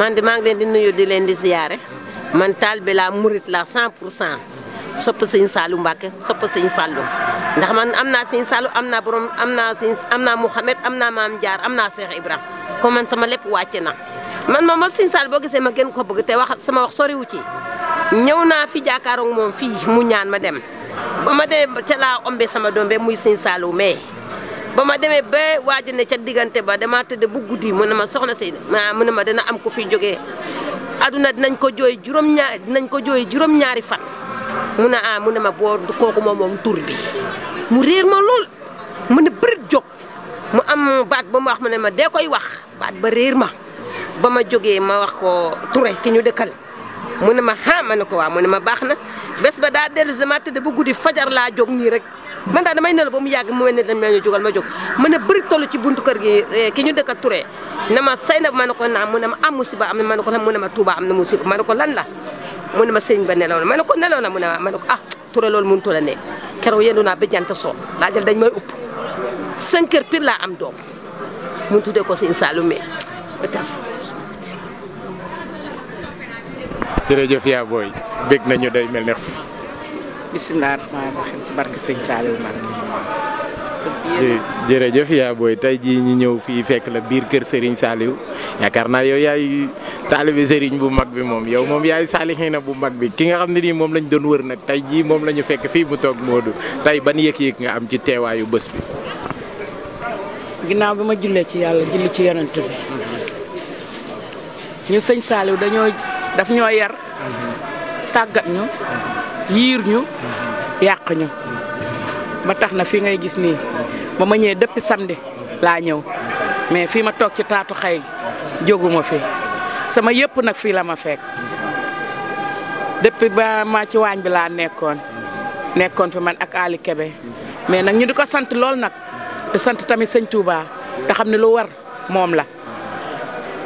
man di maa ngi leen di nuyu di leen di ziyaare man taalibe laa murit la 100 pour cent sopp sëñ Saalu Mbàkke soppa sëñ Fàllu ndax man am naa sëñ Saalu am naa borom am naa sëñ am naa Mouhamed am naa Maam Jaar am naa Cheikh Ibrahima kom man sama lépp wàcc na man moom ma sëñ Saalu boo gisee ma gën ko bëgg te wax sama wax soriwu ci ñëw naa fi jàkkaaroog moom fii mu ñaan ma dem ba ma demee ca laa ombe sama doom be muy sëñ Saalu mais ba ma demee ba waaj ne ca diggante ba dama tëdd bu guddi mu ne ma soxna Seyda ma mu ne ma dana am ko fi jógee aduna dinañ ko jooy juróom dinañ ko jooy juróom-ñaari fan mu ne ah mu ne ma boo kooku moom moom tur bi mu réer ma lool mu ne bërit mu am baat ba ma wax mu ne ma dee koy wax baat ba réer ma ba ma jógee ma wax ko ture ki ñu dëkkal mu ne ma ah ma ne ko waa mu ne ma baax na bes ba daa dellu si dama tëdd bu guddi fajar laa jóg nii rek. man daal damay nelaw ba mu yàgg mu mel ne dañ ma ñu ma jóg ma ne bëri toll ci buntu kër gi eh, ki ñu dëkk a Touré na ma say na ma ne ko naa mu ne ma am ah, musiba am na ma ne ko lan ma Touba am na musiba ma ne ko lan la mu ne ma sëñ ba nelaw na ma ne ko nelaw na mu ne ma ne ko ah Touré loolu mënutu la ne keroog yendu naa bi jant so laa jël dañ may upp cinq heures laa am doom mu tuddee ko sëñ Saalum mais jërëjëf yaa booy bég nañu day mel ne bisimilah rahmaani rahiim ci barke sëñ Saliou Mbacké. jërëjëf booy tey jii ñu ñëw fii fekk la biir kër sëriñ Saliou yaakaar naa yow yaay taalibe Serigne bu mag bi moom yow moom yaay saalixiina bu mag bi ki nga xam ne nii moom lañ doon wër nag tey jii moom la ñu fekk fii mu toog Modou tey ban yëg-yëg nga am ci teewaayu bës bi. ginnaaw bi ma jullee ci yàlla julli ci yonent bi ñu sëñ Saliou dañoo daf ñoo yar mhm. tàggat ñu. yir ñu yaq ñu ba tax na fi ngay gis ni ba ma ñëwee depuis samedi la ñëw mais fi ma tok ci taatu xey joguma fi sama yépp nak fi la ma fekk depuis ba ma ci wañ bi la nekkon nekkon fi man ak Ali Kebe mais nak ñu diko sante lol nak di sante tamit seigne Touba ta xamni lu war mom la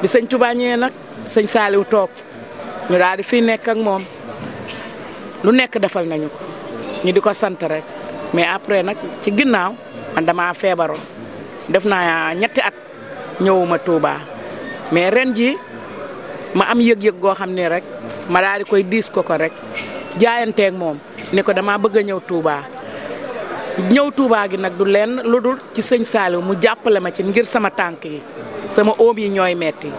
bi seigne Touba nak seigne salihu tok ñu daal di nekk ak mom lu nekk defal nañu ko ñu di ko sant rek mais après nag ci ginnaaw man damaa feebaroon def naa ñetti at ñëwuma Touba mais ren ji ma am yëg-yëg goo xam ne rek ma daal di koy diis ko ko rek jaayanteeg moom ne ko damaa bëgg a ñëw Touba ñëw Touba gi nag du lenn lu dul ci sëñ Saliou mu jàppale ma ci ngir sama tànk yi sama oom yi ñooy metti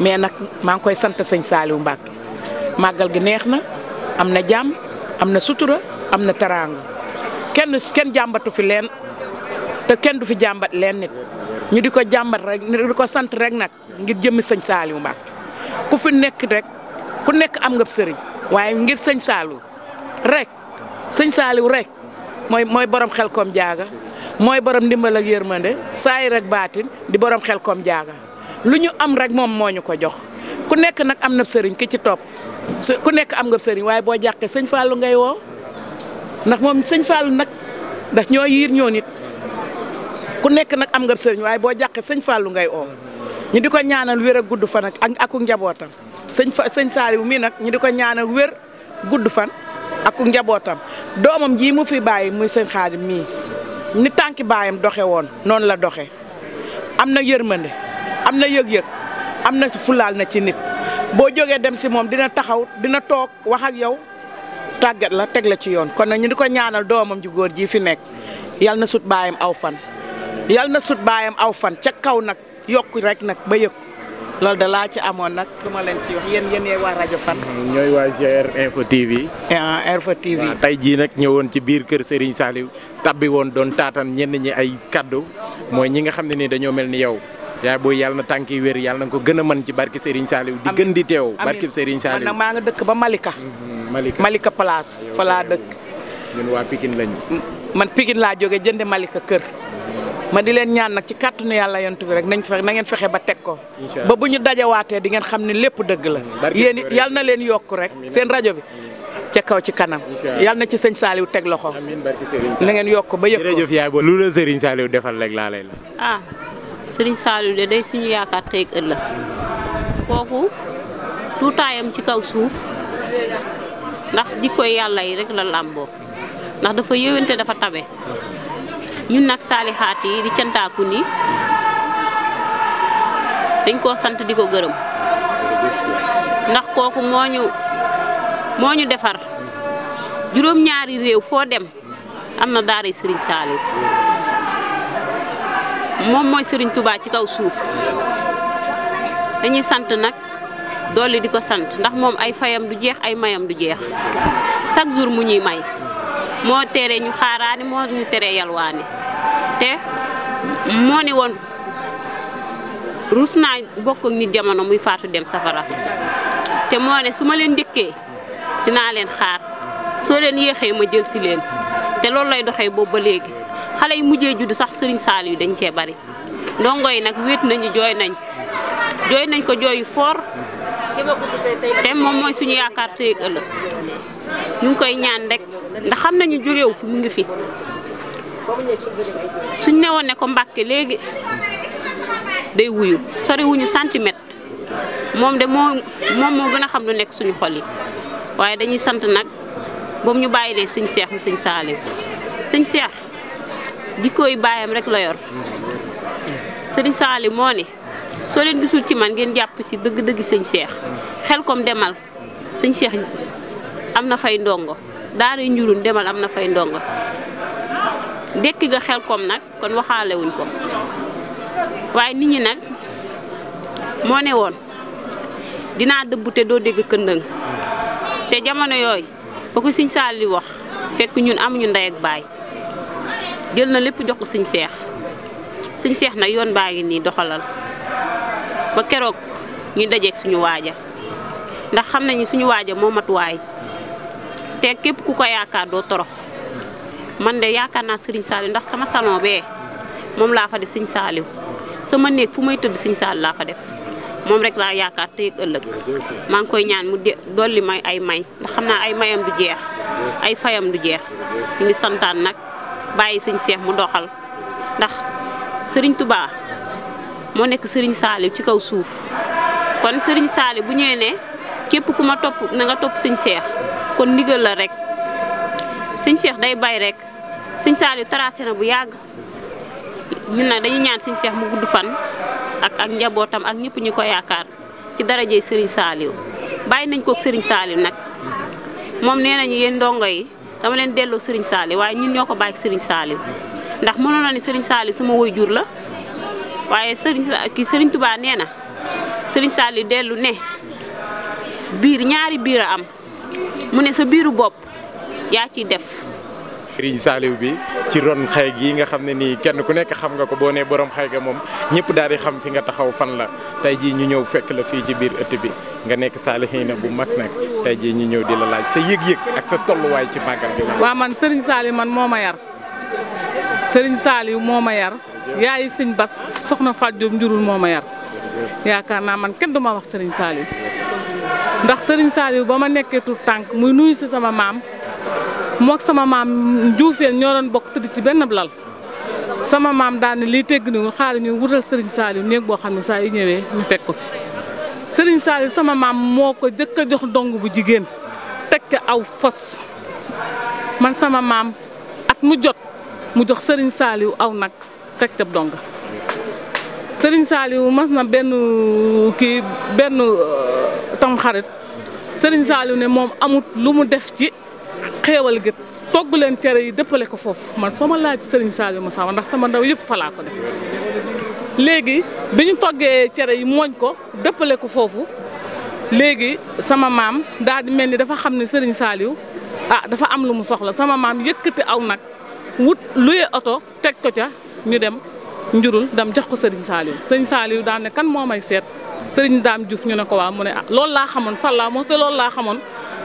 mais nag maa ngi koy sant sëñ Saliou Mbacke màggal gi neex na am na jàmm am na sutura am na teraanga kenn kenn jàmbatu fi leen te kenn du fi jàmbat leen nit ñu di ko jàmbat rek ñu di ko sant rek nag ngir jëmmi sëñ Saliou Mbacke ku fi nekk rek ku nekk am nga sëriñ waaye ngir sëñ Saliou rek sëñ Saliou rek mooy mooy borom xel koom jaaga mooy borom ndimbal ak yërmande saay rek baatin di borom xel koom jaaga lu ñu am rek moom mooñu ko jox ku nekk nag am na sëriñ ki ci topp. ku nekk am nga sëriñ waaye boo jàqee sëñ Fallou ngay woo ndax moom sëñ Fallou nag ndax ñoo yiir ñoo nit ku nekk nag am nga sëriñ waaye boo jàqee sëñ Fallou ngay woo ñu di ko ñaanal wér ak gudd fan ak ak njabootam sëñ fa sëñ Saliou mii nag ñu di ko ñaanal wér gudd fan ak njabootam doomam jii mu fi bàyyi muy sëñ Xaadim mii ni tànki baayam doxe woon noonu la doxe am na yërmande am na yëg-yëg am na fulaal na ci nit. boo jogee dem si moom dina taxaw dina toog wax ak yow tàggat la teg la ci yoon kon nag ñu di ko ñaanal doomam ji góor jii fi nekk yal na sutbaayam aw fan yal na sut aw fan ca kaw nag yokk rek nag ba yëg loolu da laa ci amoon nag lu ma leen ci wax yéen yéen waa rajo fan. Mm, ñooy waa GR Info TV. Eh, ah, Info TV waaw tey jii nag ñëwoon ci biir kër Serigne saali tabbi woon doon taatan ñenn ñi ay kaddu mooy ñi nga xam ne ni dañoo mel ni yow. yaay booy yàlla na tànk yi wér yàlla ko gën a mën ci barke Serigne Saliou di gën di teew barke Serigne Saliou man nag maa nga dëkk ba Malika mhm, Malika Malika place dëkk ñun waa Pikine lañu man Pikine laa jóge jënde Malika kër mhm. ma di leen ñaan nag ci kàttanu yàlla yont bi rek nañ fexe na ngeen fexe ba teg ko ba bu ñu waate di ngeen xam ne lépp dëgg la mhm, yéen it na leen yokk rek seen rajo bi ca kaw ci kanam yàlla na ci sëñ Saliou teg loxo na ngeen yokk ba yëpp jërëjëf yaay boo lu la Serigne Saliou defal rek la Serigne Saliou de day suñu yaakaar tey ak ëllëg kooku tuutaayam ci kaw suuf ndax di jikkoy yàlla yi rek la làmboo ndax dafa yéwante dafa tabe ñun nag saalixaat yi di cantaaku nii dañ koo sant di ko gërëm ndax kooku moo ñu moo ñu defar juróom-ñaari réew foo dem am na daara Serigne Saliou moom mooy Serigne Touba ci kaw suuf dañuy sant nag dolli di ko sant ndax moom ay fayam du jeex ay mayam du jeex chaque jour mu ñuy may moo tere ñu xaaraani moo ñu tere yalwaani te moo ni woon ruus naa bokk ak nit jamono muy faatu dem safara te moo ne su ma leen njëkkee dinaa leen xaar soo leen yéexee ma jël si leen te loolu lay doxee boobu ba léegi. xale yi mujje juddu sax sëriñ Saliou dañ cee bari ndongo yi nag wéet nañu jooy nañ jooy nañ ko jooy yu foor te moom mooy suñu yaakaar tey ëllëg ñu koy ñaan rekk ndax xam nañu jógewu fi mu ngi fi suñ ne woon ne ko Mbàkke léegi day wuyu sori wuñu centimètre moom de moo moom moo gën a xam lu nekk suñu xol yi waaye dañuy sant nag boobu ñu bàyyi bàyyilee sëñ Seex mu sëñ Saalim sëñ Seex jikkooy baayam rek la yor sëriñ Saali moo ne soo leen gisul ci man ngeen jàpp ci dëgg-dëgg sëñ Cheikh xel kom demal sëñ Cheikh am na fay ndongo daaray njurun demal am na fay ndongo dekki ga xel koom nag kon waxaalewuñ ko waaye nit ñi nag moo ne woon dinaa dëbb te doo dégg këndëng te jamono yooyu ba ko sëñ Saali wax fekk ñun amuñu ndey ak baay jël na lepp jox ko seigne Cheikh seigne Cheikh nak yoon baangi ni doxalal ba kérok ñu ak suñu waaja ndax xamna nañu suñu waaja mat way té képp ku ko yaakaar do torox man dé yaakaar na seigne Saliou ndax sama salon bé mom la fa def seigne Saliou sama nek fu may tëdd seigne Saliou la fa def mom rek la yaakaar té ak ëlëk ma ngi koy ñaan mu doli may ay may ndax xamna ay mayam du jeex ay fayam du jeex ñi ngi santaan bayyi sëñ cheikh mu doxal ndax sëriñ Touba mo nek sëriñ Saalib ci kaw souf kon sëriñ Saalib bu ñewé ne képp kuma top na nga top sëñ cheikh kon ndigal la rek sëñ cheikh day bay rek sëñ Saalib tracé na bu yàgg ñun na dañuy ñaan sëñ cheikh mu gudd fan ak ak njabotam ak ñepp ñu yaakar ci darajey sëriñ Saliou bay nañ ko sëriñ Saliou nag moom ndongo dama leen delloo Serigne saali waaye ñun ñoo ko bàyyi sëriñ saali ndax mënoon na ni sëriñ saali suma woy jur la waaye Serigne ki Serigne Touba nee na Serigne Saliou dellu ne biir ñaari biir a am mu ne sa biiru bopp yaa ciy def. Serigne Saliou bi ci ron xay gi nga xam ne nii kenn ku nekk xam nga ko boo ne borom xay ga moom ñëpp daal di xam fi nga taxaw fan la tey jii ñu ñëw fekk la fii ci biir ëtt bi nga nekk saalihiina bu mag nag tey jii ñu ñëw di la laaj sa yëg-yëg ak sa tolluwaay ci màggal gi. waaw man Serigne Saliou man moo ma yar Serigne Saliou moo ma yar yaayi Sëñ Bas soxna Fatou Diop njurul moo ma yar yaakaar naa man kenn du wax Serigne Saliou ndax Serigne Saliou ba ma nekkee tout tànk muy nuyu si sama maam. mook sama maam Njuufeen ñoo doon bokk tëdd ci benn lal sama maam daan lii tegg niwul xaar ñu wutal Serigne Saliou néeg boo xam ne saa yu ñëwee ñu fekk ko sëriñ Serigne sama maam moo ko jëkk a jox dong bu jigéen teg ca aw fos man sama maam at mu jot mu jox sëriñ Saliou aw nag teg ca dong sëriñ Saliou mas na benn kii benn euh, tam xarit sëriñ Saliou ne moom amut lu mu def ci xéewal gi togg leen cere yi dëppale ko foofu man soo ma laaj sëriñ ma Massamba ndax sama ndaw yëpp falaa ko def léegi bi ñu toggee cere yi mooñ ko dëppale ko foofu léegi sama maam daal di mel ni dafa xam ne sëriñ saaliw ah dafa am lu mu soxla sama maam yëkkati aw nag wut luye oto teg ko ca ñu dem njurul dam jox ko sëriñ Saliou sëriñ Saliou daan ne kan moo ay seet sëriñ Daam Diouf ñu ne ko waa mu ne ah loolu laa xamoon sàllaa mos de loolu laa xamoon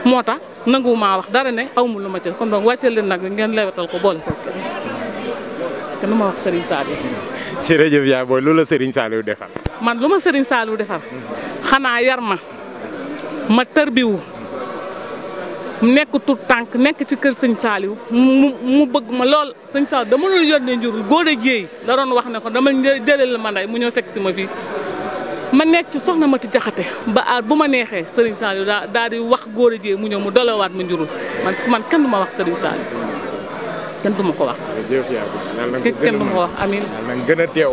moo tax nanguwumaa wax dara ne aw ma lu ma jël kon donc wàcceel leen nag ngeen lewetal ko boole ko te lu ma wax Serigne Saliou. jërëjëf yaay booy lu la Serigne Saliou defar. man lu ma Serigne Saliou defar xanaa yar ma ma tërbiwu nekk tout tànk nekk ci kër sëñ saaliw mu bëgg ma lool sëñ Saliou dama doon yónnee njur góor a jéey la wax ne ko dama jëlee la ma ndey mu ñëw fekk si ma fii. ma nekk ci soxna ti Jaxate ba aat bu ma neexee Serigne Saliou daa daal di wax góor a jee mu ñëw mu dole waat ma njurul man man kenn du ma wax Serigne Saliou kenn du ma ko wax. kenn du ma ko wax amiin.